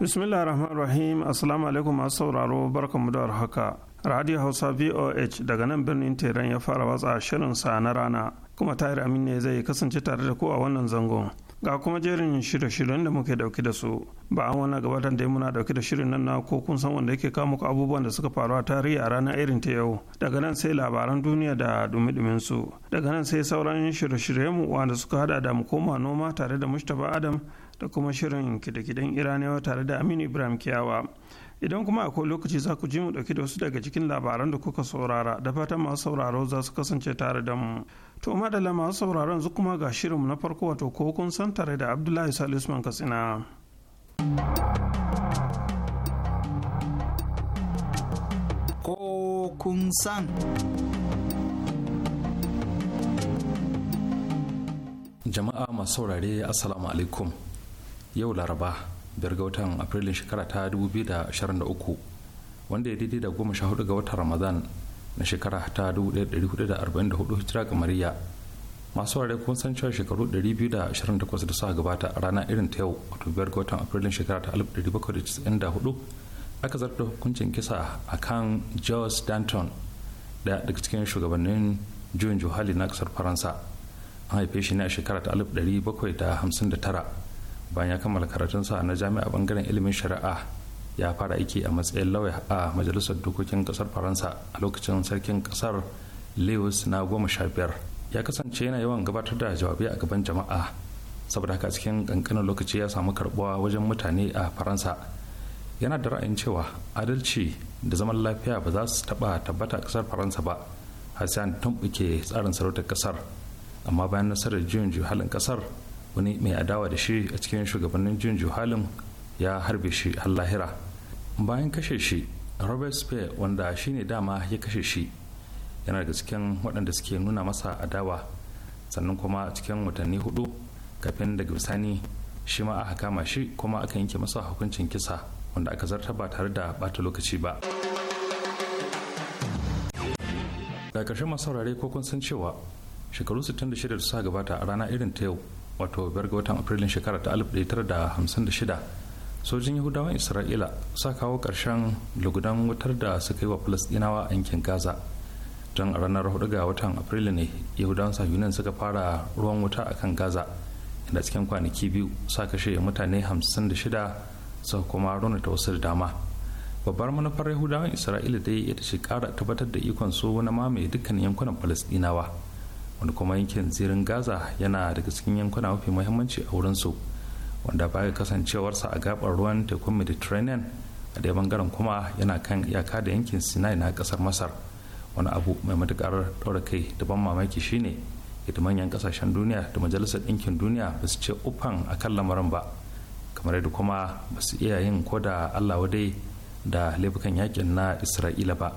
bismillah rahman rahim assalamu alaikum masu sauraro mu da haka radio hausa voh daga nan birnin teran ya fara watsa shirin sa na rana kuma tahir amin ne zai kasance tare da ku a wannan zangon ga kuma jerin shirye-shiryen da muke dauke da su ba an wani gabatar da muna dauke da shirin nan na ko kun san wanda yake kawo muku abubuwan da suka faru a tarihi a ranar irin ta yau daga nan sai labaran duniya da dumi su daga nan sai sauran shirye-shiryen mu wanda suka hada da mu koma noma tare da mustapha adam da kuma shirin kidakidan iraniyawa tare da aminu ibrahim kiyawa idan kuma akwai lokaci za ku ji mu dauki da wasu daga cikin labaran da kuka saurara da fatan masu sauraro za su kasance tare da mu to madalla masu sauraron yanzu kuma ga shirinmu na farko wato ko kun san tare da abdullahi salisman katsina ko kun san jama'a masu saurare assalamu alaikum yau laraba biyar ga watan afrilun shekara ta 2023 wanda ya daidai da goma sha hudu ga watan ramadan na shekara ta 1444 hijira ga mariya masu ware kun san cewa shekaru 228 da suka gabata a rana irin ta yau wato biyar ga watan afrilun shekara ta 1794 aka zarta hukuncin kisa a kan george danton daya daga cikin shugabannin juyin johali na kasar faransa an haife shi ne a shekara ta 1759 bayan ya kammala karatunsa na jami'a bangaren ilimin shari'a ya fara aiki a matsayin lauya a majalisar dokokin kasar faransa a lokacin sarkin kasar lewis na goma sha biyar ya kasance yana yawan gabatar da jawabi a gaban jama'a saboda haka cikin kankanin lokaci ya samu karbuwa wajen mutane a faransa yana da ra'ayin cewa adalci da zaman lafiya ba za su taba tabbata a kasar faransa ba har sai an tumbuke tsarin sarautar kasar amma bayan nasarar juyin halin kasar wani mai adawa da shi a cikin shugabannin jin halin ya harbe shi har lahira bayan kashe shi robert spear wanda shine dama ya kashe shi yana daga cikin waɗanda suke nuna masa adawa sannan kuma a cikin watanni hudu kafin daga bisani shi ma aka kama shi kuma aka yanke masa hukuncin kisa wanda aka zarta ba tare da bata lokaci ba daga ƙarshen masaurare ko kun san cewa shekaru 66 da suka gabata a rana irin ta yau wato biyar ga watan afrilun shekara ta alif da da hamsin shida sojin yahudawan isra'ila sa kawo karshen lugudan wutar da suka yi wa filistinawa a yankin gaza don a ranar hudu ga watan afrilu ne yahudawan sahunan suka fara ruwan wuta a kan gaza inda cikin kwanaki biyu sa kashe mutane 56 suka kuma ta wasu da dama babbar manufar yahudawan isra'ila dai ita ce kara tabbatar da ikon su na mamaye dukkan yankunan falasɗinawa wanda kuma yankin zirin gaza yana daga cikin yankuna mafi muhimmanci a wurinsu wanda baya kasancewarsa a gabar ruwan tekun mediterranean a daya bangaren kuma yana kan iyaka da yankin sinai na kasar masar wani abu mai matukar ɗaura kai da ban mamaki shine yadda manyan kasashen duniya da majalisar ɗinkin duniya ba su ce ufan a kan lamarin ba kamar yadda kuma ba su iya yin ko da allah wadai da laifukan yakin na isra'ila ba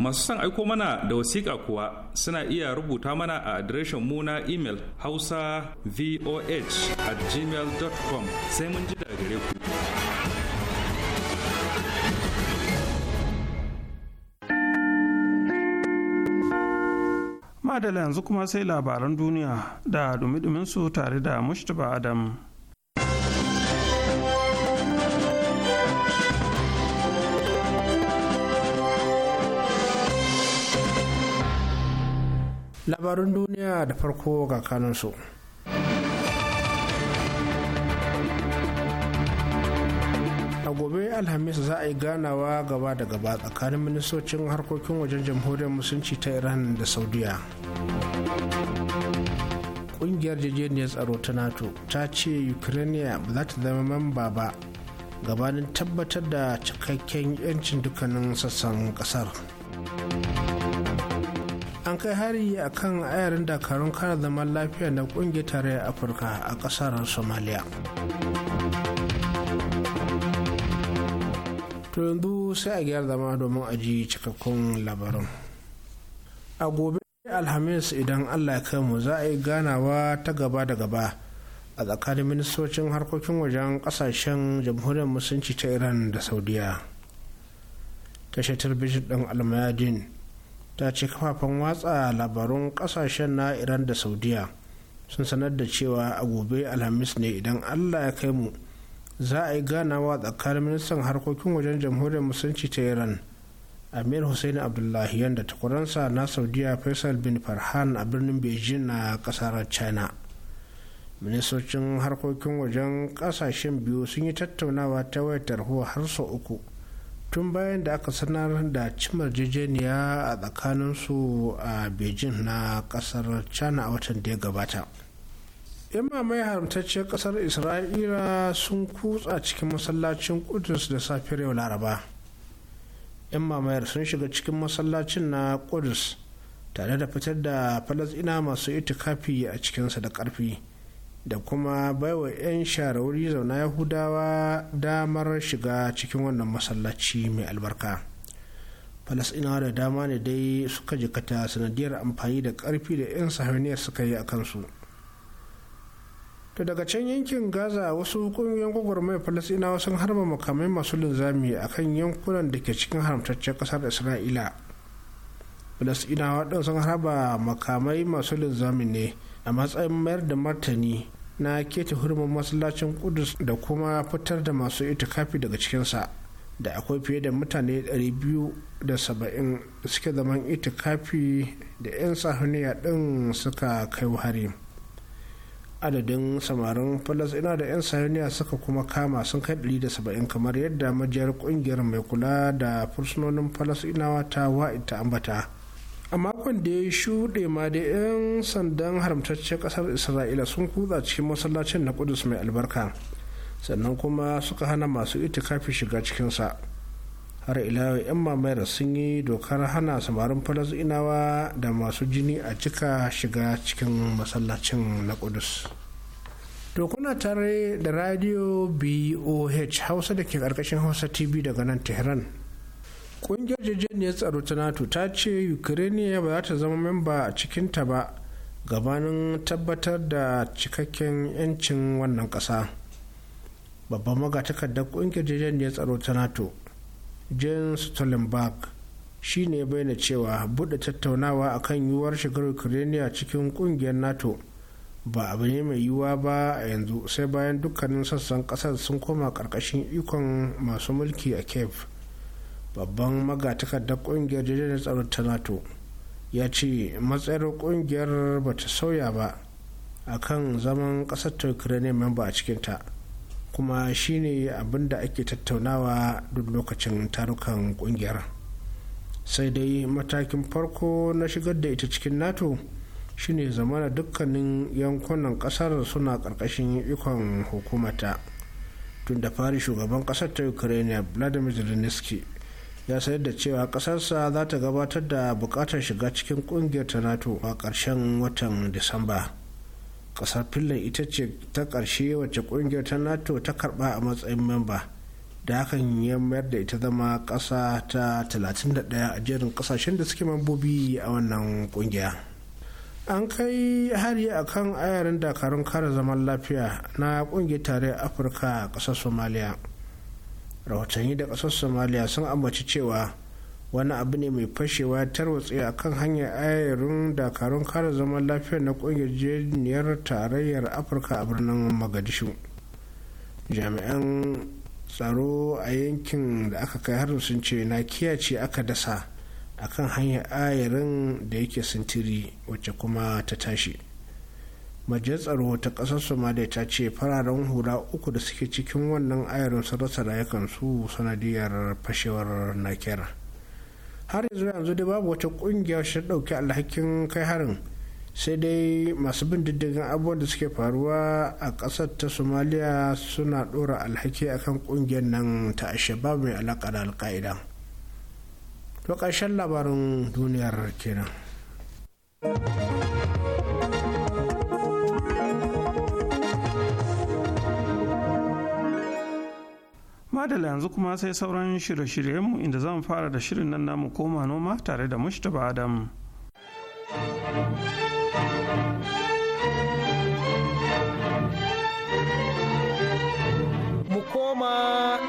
masu son aiko mana da wasiƙa kuwa suna iya rubuta mana a adireshin mu na imel hausa voh at gmail.com sai mun ji daga gare ku madala yanzu kuma sai labaran duniya da dumi su tare da mushtaba adam labarin duniya da farko ga su. a gobe alhamis za a yi ganawa gaba da gaba tsakanin ministocin harkokin wajen jamhuriyar musulunci ta iran da saudiya kungiyar jejeniyar tsaro ta nato ta ce ukraine ba za ta zama mamba ba gabanin tabbatar da cikakken 'yancin dukkanin sassan kasar. an kai hari a kan ayarin dakarun kare zaman lafiya na kungiyar tarayyar afirka a kasar somalia to yanzu sai a gyara zama domin a ji cikakkun labarun. a gobe alhamis idan allah ya kai mu za a yi ganawa ta gaba da gaba a tsakanin ministocin harkokin wajen kasashen jamhuriyar musulunci ta iran da saudiya tashar talbijin ɗin almayadin ta ce kafafen watsa labarun kasashen na iran da saudiya sun sanar da cewa a gobe alhamis ne idan allah ya kai mu za a yi ganawa tsakanin ministan harkokin wajen jamhuriyar musulunci ta iran amir hussein abdullahi yadda takwaransa na saudiya faisal bin farhan a birnin beijing na kasar china ministocin harkokin wajen kasashen biyu sun yi tattaunawa ta wayar tarho har sau uku tun bayan da aka sanar da cimar jejeniya a tsakaninsu a beijing na kasar china a watan da ya gabata yan mamaye haramtacciyar kasar isra'ila sun kutsa cikin masallacin kudus da safiyar yau laraba yan mamayar sun shiga cikin masallacin na kudus tare da fitar da falasina masu itikafi a cikinsa da karfi da kuma baiwa 'yan sharawuri zauna yahudawa damar shiga cikin wannan masallaci mai albarka falasinawa da dama ne dai suka jikata sanadiyar amfani da karfi da 'yan sahaniyar suka yi a kansu to daga can yankin gaza wasu kungiyoyin gwagwarmai falasinawa sun harba makamai masu linzami a kan yankunan da ke cikin haramtaccen kasar isra'ila falasinawa ɗin sun harba makamai masu linzami ne a matsayin mayar da martani na keta hurumin masallacin kudus da kuma fitar da masu itikafi daga cikinsa da akwai fiye da mutane 270 suke zaman itikafi da 'yan sahuniya din suka kai hari adadin samarin falasina da 'yan sahuniya suka kuma kama sun kai 170 kamar yadda majiyar kungiyar mai kula da fursunonin falasinawa ta wa'ita ambata a makon da ya shuɗe ma da 'yan sandan haramtaccen ƙasar isra'ila sun kutsa cikin masallacin na kudus mai albarka sannan kuma suka hana masu itikafi shiga cikinsa har ila 'yan mamayar sun yi dokar hana samarin falasinawa da masu jini a cika shiga cikin masallacin na kudus to kuna tare da radio boh hausa da ke ƙarƙashin hausa tv daga nan tehran ƙungiyar jejeniyar tsaro ta nato ta ce ukraine ba za ta zama memba a cikinta ba gabanin tabbatar da cikakken 'yancin wannan kasa babban magatakardar ƙungiyar jejeniyar tsaro ta nato jan stolenberg shi ne bayyana cewa buɗe tattaunawa a kan yiwuwar shigar ukraine a cikin ƙungiyar nato ba abu ne mai yiwuwa ba a yanzu sai bayan dukkanin sassan ƙasar sun koma ƙarƙashin ikon masu mulki a cape babban magatakardar kungiyar jirgin tsaro ta nato ya ce matsayar kungiyar ba ta sauya ba a kan zaman kasar ta ukraine memba a cikinta kuma shine abin da ake tattaunawa duk lokacin tarukan kungiyar sai dai matakin farko na shigar da ita cikin nato shine zamana dukkanin yankunan kasar suna karkashin ikon hukumata tun da fari shugaban kasar ta ukraine vladimir zelensky ya sayar da cewa kasarsa za ta gabatar da bukatar shiga cikin kungiyar ta nato a ƙarshen watan disamba ƙasar finland ita ce ta ƙarshe wacce ƙungiyar ta nato ta karba a matsayin memba da hakan ya mayar da ita zama ƙasa ta 31 a jerin ƙasashen da suke mambobi a wannan ƙungiya. an kai hari a kan ayarin dakarun kare zaman lafiya na kungiyar tarayyar afirka a ƙasar somaliya rahotanni da ƙasar somaliya sun ambaci cewa wani abu ne mai fashewa tarwatse a kan hanyar ayarin dakarun kare zaman lafiya na ƙungiyar jeniyar tarayyar afirka a birnin magadishu jami'an tsaro a yankin da aka kai har sun ce na kiyace aka dasa akan hanyar ayarin da yake sintiri wacce kuma ta tashi majiyar tsaro ta ƙasar somalia ta ce fararen hula uku da suke cikin wannan ayarin sun rasa su sanadiyar fashewar nakera har yanzu yanzu dai babu wata kungiyar shi dauke alhakin kai harin sai dai masu bin diddigin abubuwan da suke faruwa a ƙasar ta somalia suna ɗora alhaki akan kungiyar nan ta ashabab mai alaƙa da alka'ida to labarin duniyar kenan. madala yanzu kuma sai sauran shirye-shiryenmu inda zan fara da shirin nan namu koma noma tare da mushtaba adam mu koma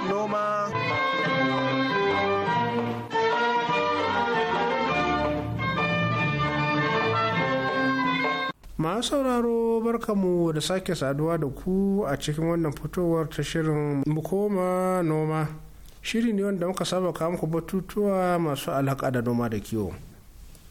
masu sauraro barkamu da sake saduwa da ku a cikin wannan fitowar ta shirin mukoma noma shiri ne wanda muka saba kawo muku batutuwa masu alaƙa da noma da kiwo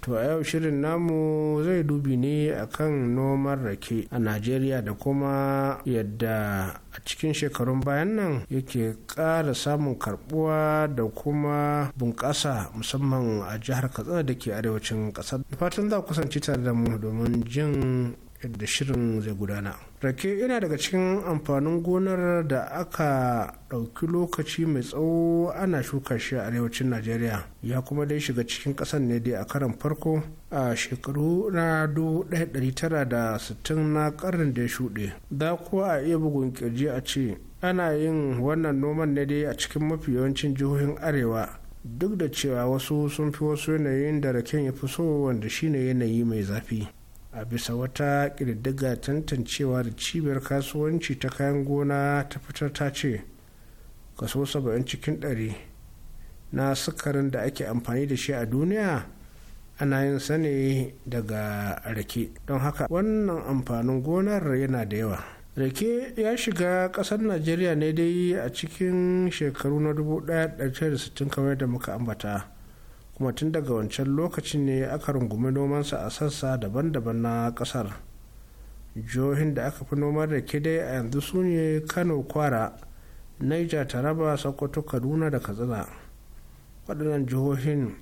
To a yau shirin namu zai dubi ne akan noman rake a Najeriya da kuma yadda a cikin shekarun bayan nan yake ƙara samun karbuwa da kuma bunƙasa musamman a jihar Katsina da ke arewacin ƙasar. Fatan za kusanci tare da mu domin jin da shirin zai gudana rake yana daga cikin amfanin gonar da aka ɗauki lokaci mai tsawo ana shuka shi a arewacin najeriya ya kuma dai shiga cikin ƙasan ne dai a karan farko a shekaru na sittin na ƙarin da ya shuɗe da kuwa a iya bugun kirji a ce ana yin wannan noman ne dai a cikin mafi yawancin jihohin arewa duk da cewa wasu sun fi wasu yanayin da raken ya fi so wanda shine yanayi mai zafi a bisa wata ƙididdiga tantancewa da cibiyar kasuwanci ta kayan gona ta fitar ta ce kaso 70 cikin 100 na sukarin da ake amfani da shi a duniya ana yin sane daga rake don haka wannan amfanin gonar yana da yawa rake ya shiga ƙasar najeriya ne dai a cikin shekaru na 1960 kamar da muka ambata kuma tun daga wancan lokacin ne aka rungumi nomansa a sassa daban-daban na kasar jihohin da aka fi noman rake dai a yanzu su ne kano kwara niger taraba sokoto kaduna da katsina waɗannan jihohin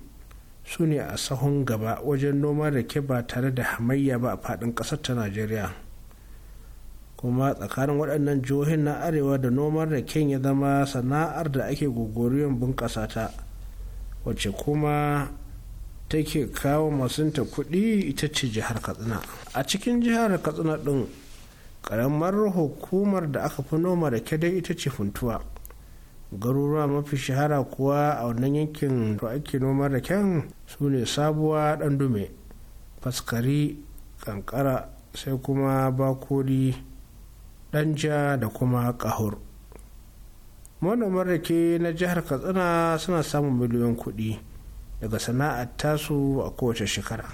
su ne a sahun gaba wajen noman rake ba tare da hamayya ba a faɗin ƙasar ta najeriya kuma tsakanin waɗannan jihohin na arewa da noman raken ya zama sana'ar da ake gogoriyon bunƙasa ta wacce kuma take kawo masunta kuɗi ita ce jihar katsina a cikin jihar katsina ɗin ƙaramar hukumar da aka fi noma da dai ita ce funtuwa garuruwa mafi shahara kuwa a wannan yankin da ake noma da kyan su ne sabuwa ɗan dume faskari kankara sai kuma bakori ɗanja da kuma ƙahur manoman rake na jihar katsina suna samun miliyoyin kuɗi daga sana'ar tasu a kowace shekara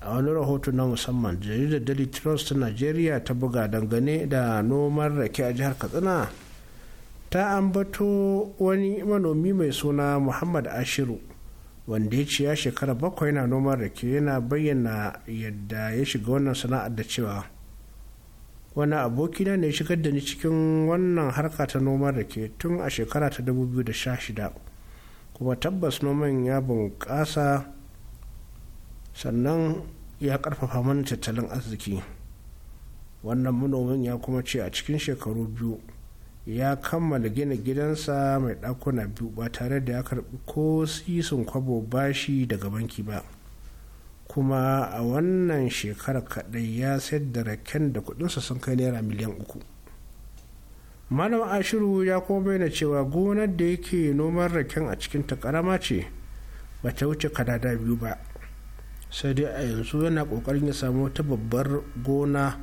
a wani rahoto na musamman jaridar daily trust ta nigeria ta buga dangane da noman rake a jihar katsina ta ambato wani manomi mai suna muhammad ashiru wanda ya ciya shekara bakwai na noman rake yana bayyana yadda ya shiga wannan sana'ar da cewa wani abokina ne shigar da ni cikin wannan harka ta noma da ke tun a shekara ta 2016 kuma tabbas noman ya bunƙasa sannan ya ƙarfafa mana tattalin arziki wannan manomin ya kuma ce a cikin shekaru biyu ya kammala gina gidansa mai ɗakuna biyu ba tare da ya karɓi ko sisin kwabo bashi daga banki ba. kuma a wannan shekarar kaɗai ya sayar da raken da kuɗinsa sun kai naira miliyan uku malam ashiru ya kuma bayyana cewa gonar da yake noman raken a cikin karama ce ba ta wuce kadada biyu ba sai dai a yanzu yana ƙoƙarin ya samu wata babbar gona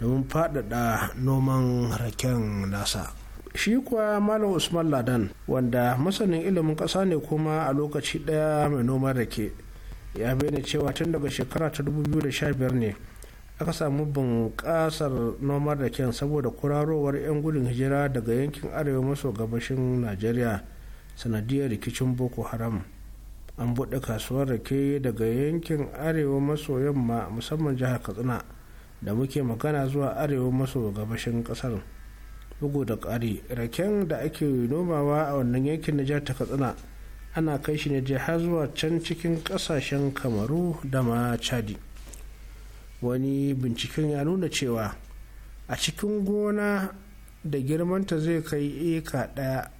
domin faɗaɗa noman raken nasa shi kuwa malam usman ladan wanda masanin ilimin ƙasa ne kuma a lokaci ɗaya mai noman rake ya bayyana cewa tun daga shekara ta 2015 ne aka samu bunƙasar da raken saboda kurarowar 'yan gudun hijira daga yankin arewa maso gabashin najeriya sanadiyar rikicin boko haram an buɗe kasuwar rake daga yankin arewa maso yamma musamman jihar katsina da muke magana zuwa arewa maso gabashin ƙasar bugu da ƙari raken da ake nomawa a wannan yankin na jihar ta katsina ana kai shi ne har zuwa can cikin kasashen kamaru da ma chadi wani binciken ya nuna cewa a cikin gona da girmanta zai kai eka ɗaya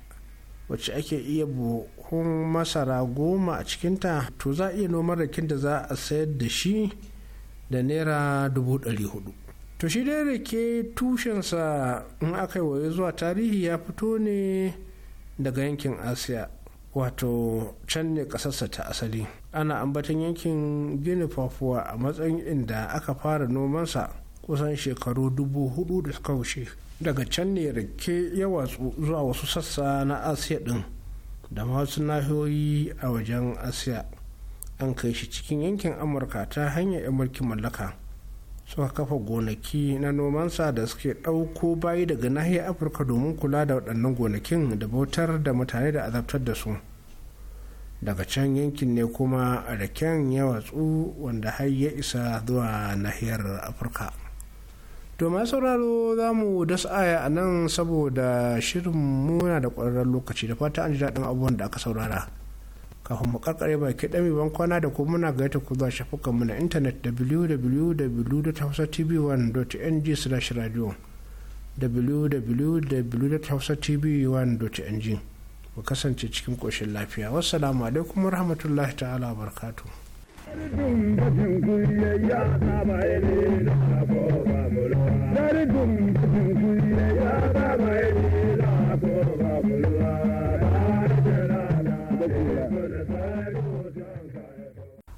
wacce ake iya buhun masara goma a cikinta to za a iya noman rakin da za a sayar da shi da naira dubu ɗari hudu to shi dai rake tushensa in aka yi waye zuwa tarihi ya fito ne daga yankin asiya wato can ne kasarsa ta asali ana ambaton yankin gini papua a matsayin inda aka fara nomansa kusan shekaru dubu hudu da suka wuce daga can ne rake ya watsu zuwa wasu sassa na asiya din da masu nahiyoyi a wajen asiya an kai shi cikin yankin amurka ta hanyar 'yan mulkin mallaka suka kafa gonaki na nomansa da suke ɗauko bayi daga nahiyar afirka domin kula da waɗannan gonakin da bautar da mutane da azabtar da su daga can yankin ne kuma raken ya watsu wanda har ya isa zuwa nahiyar afirka domin sauraro za mu dasa aya a nan saboda shirin muna da ƙwararren lokaci da fata an ji daɗin abubuwan da aka saurara kafin mu karkare baki ɗami ban kwana da kuma muna gayyata ku zuwa shafukan mu na intanet www.hausatv1.ng slash radio www.hausatv1.ng ku kasance cikin koshin lafiya wassalamu alaikum rahmatullahi ta'ala barkatu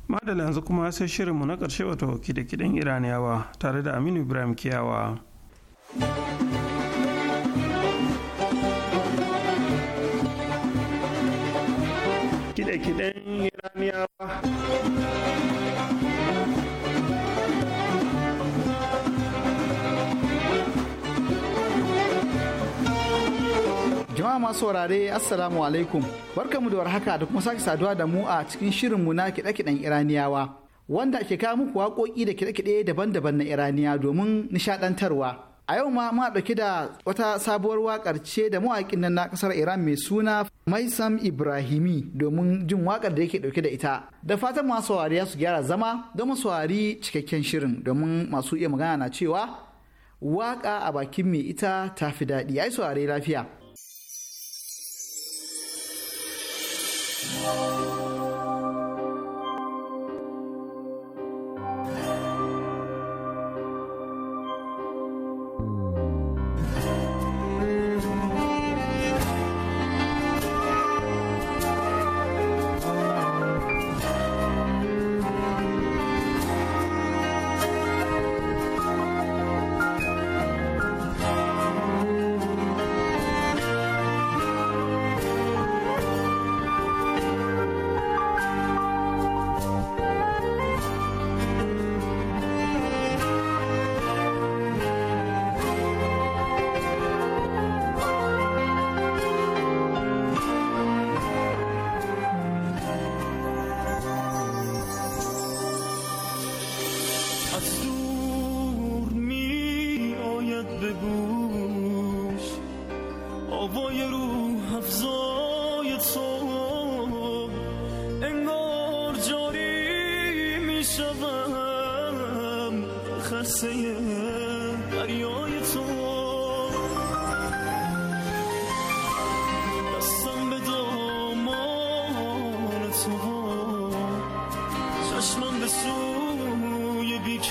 madala yanzu kuma sai shirinmu na ƙarshe hoki da kiden iraniyawa tare da aminu ibrahim kiyawa. kiɗan iraniyawa jama'a masu wurare assalamu alaikum barkanmu da warhaka da kuma sake saduwa da mu a cikin shirinmu na kiɗe-kiɗen iraniyawa wanda ke kawo muku waƙoƙi da kiɗe-kiɗe daban-daban na iraniya domin nishaɗantarwa a yau ma muna ɗauke da wata sabuwar wakar ce da mawaƙin nan na ƙasar iran mai suna maisam ibrahimi domin jin wakar da yake ɗauke da ita da fatan masu saurari su gyara zama don masu saurari cikakken shirin domin masu iya magana na cewa waƙa a bakin mai ita ta fi daɗi ai saurari lafiya.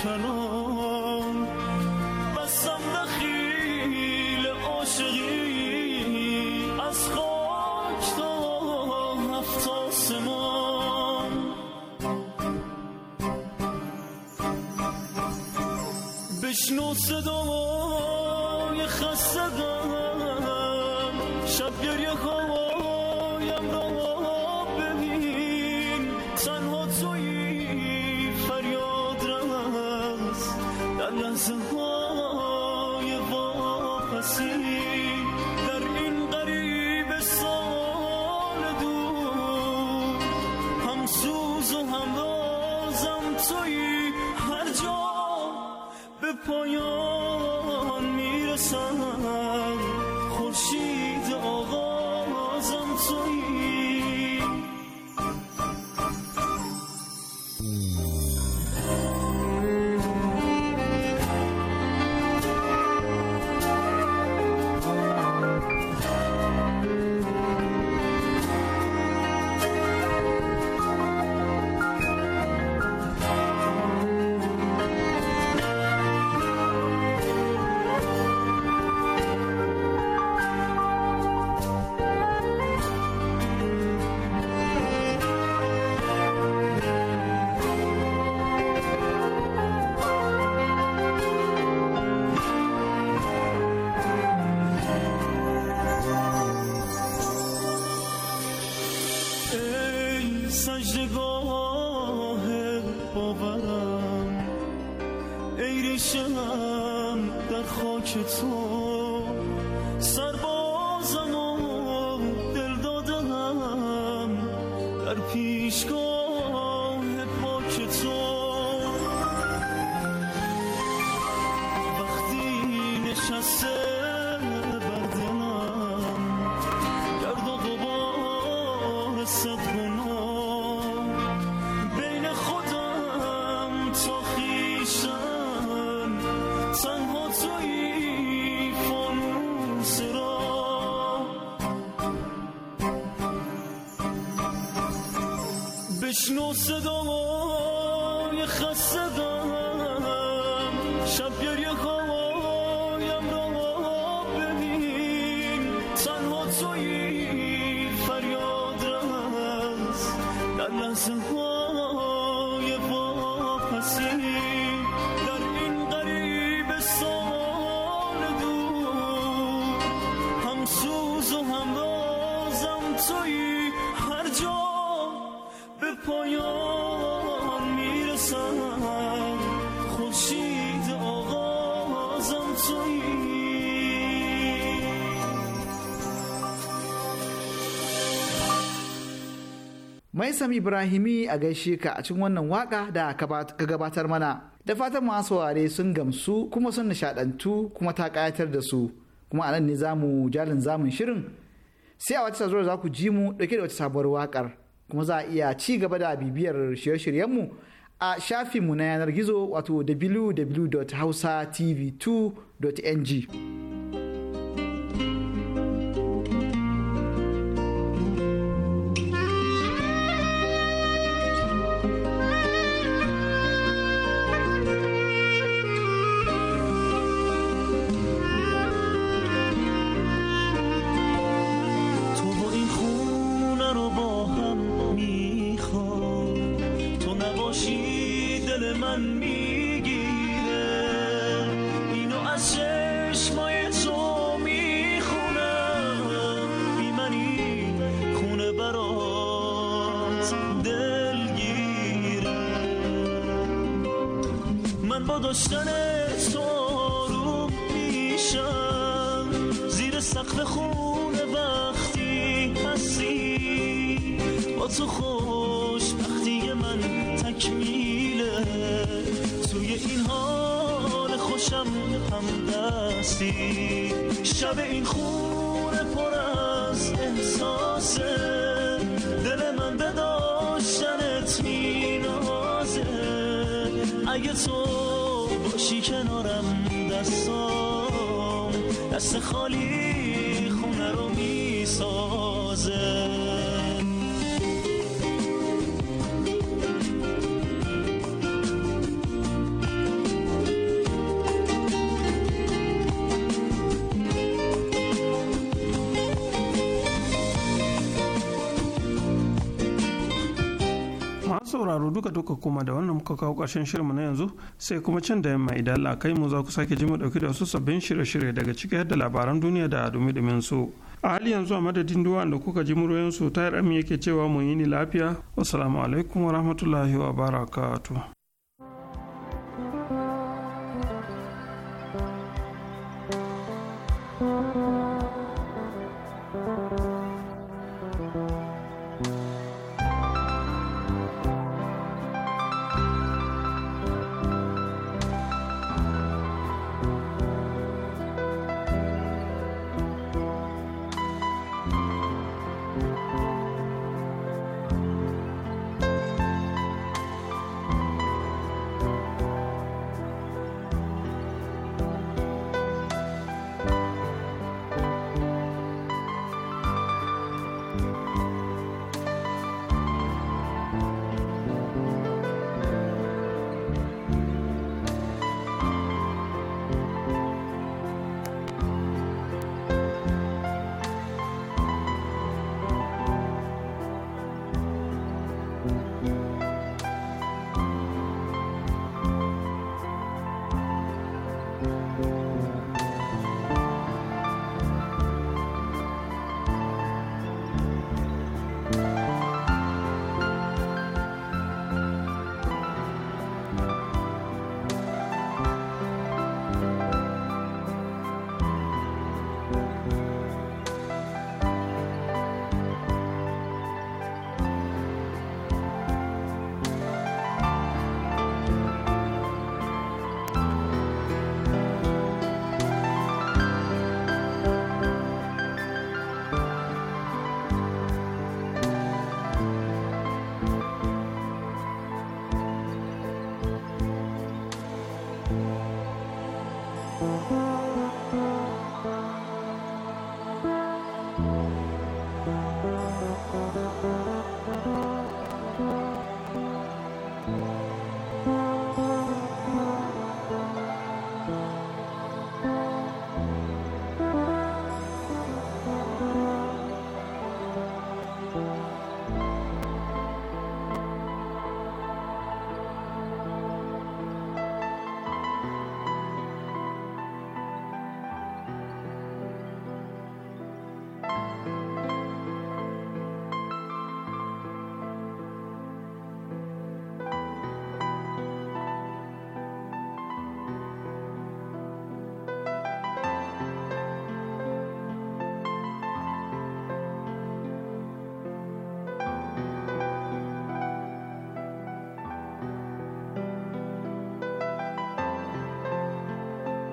چنان بستم دخیل عاشقی از خاک تا هفت آسمان بشنو صدای خسته sun میشم در صدای خسته دارم شب گریه هایم را ببین تنها توی فریاد رست در mai sami ibrahimi a gaishe ka a cikin wannan waka da ka gabatar mana da fatan masu saurare sun gamsu kuma sun nishadantu kuma ta kayatar da su kuma anan ne zamu jalin zamun shirin sai a wata sazuwar za ku ji mu dauke da wata sabuwar wakar kuma za a iya ci gaba da bibiyar shirye-shiryenmu a shafinmu na yanar gizo wato www.hausatv2.ng کشتن تو آروم میشم زیر سقف خون وقتی هستی با تو خوش وقتی من تکمیله توی این حال خوشم هم دستی شب این خون پر از احساسه دل من به داشتنت مینازه اگه باشی کنارم دستام دست خالی خونه رو میسازه sauraro duka duka kuma da wannan muka kawo ƙarshen shirinmu na yanzu sai kuma can da yamma idan Allah kai mu za ku sake ji mu dauki da wasu sabbin shirye-shirye daga ciki da labaran duniya da dumi-dumin su. A hali yanzu a madadin duwa da kuka ji muryoyin su tayar amin yake cewa mu yi ni lafiya. Wassalamu alaikum wa rahmatullahi wa barakatuh. Thank you.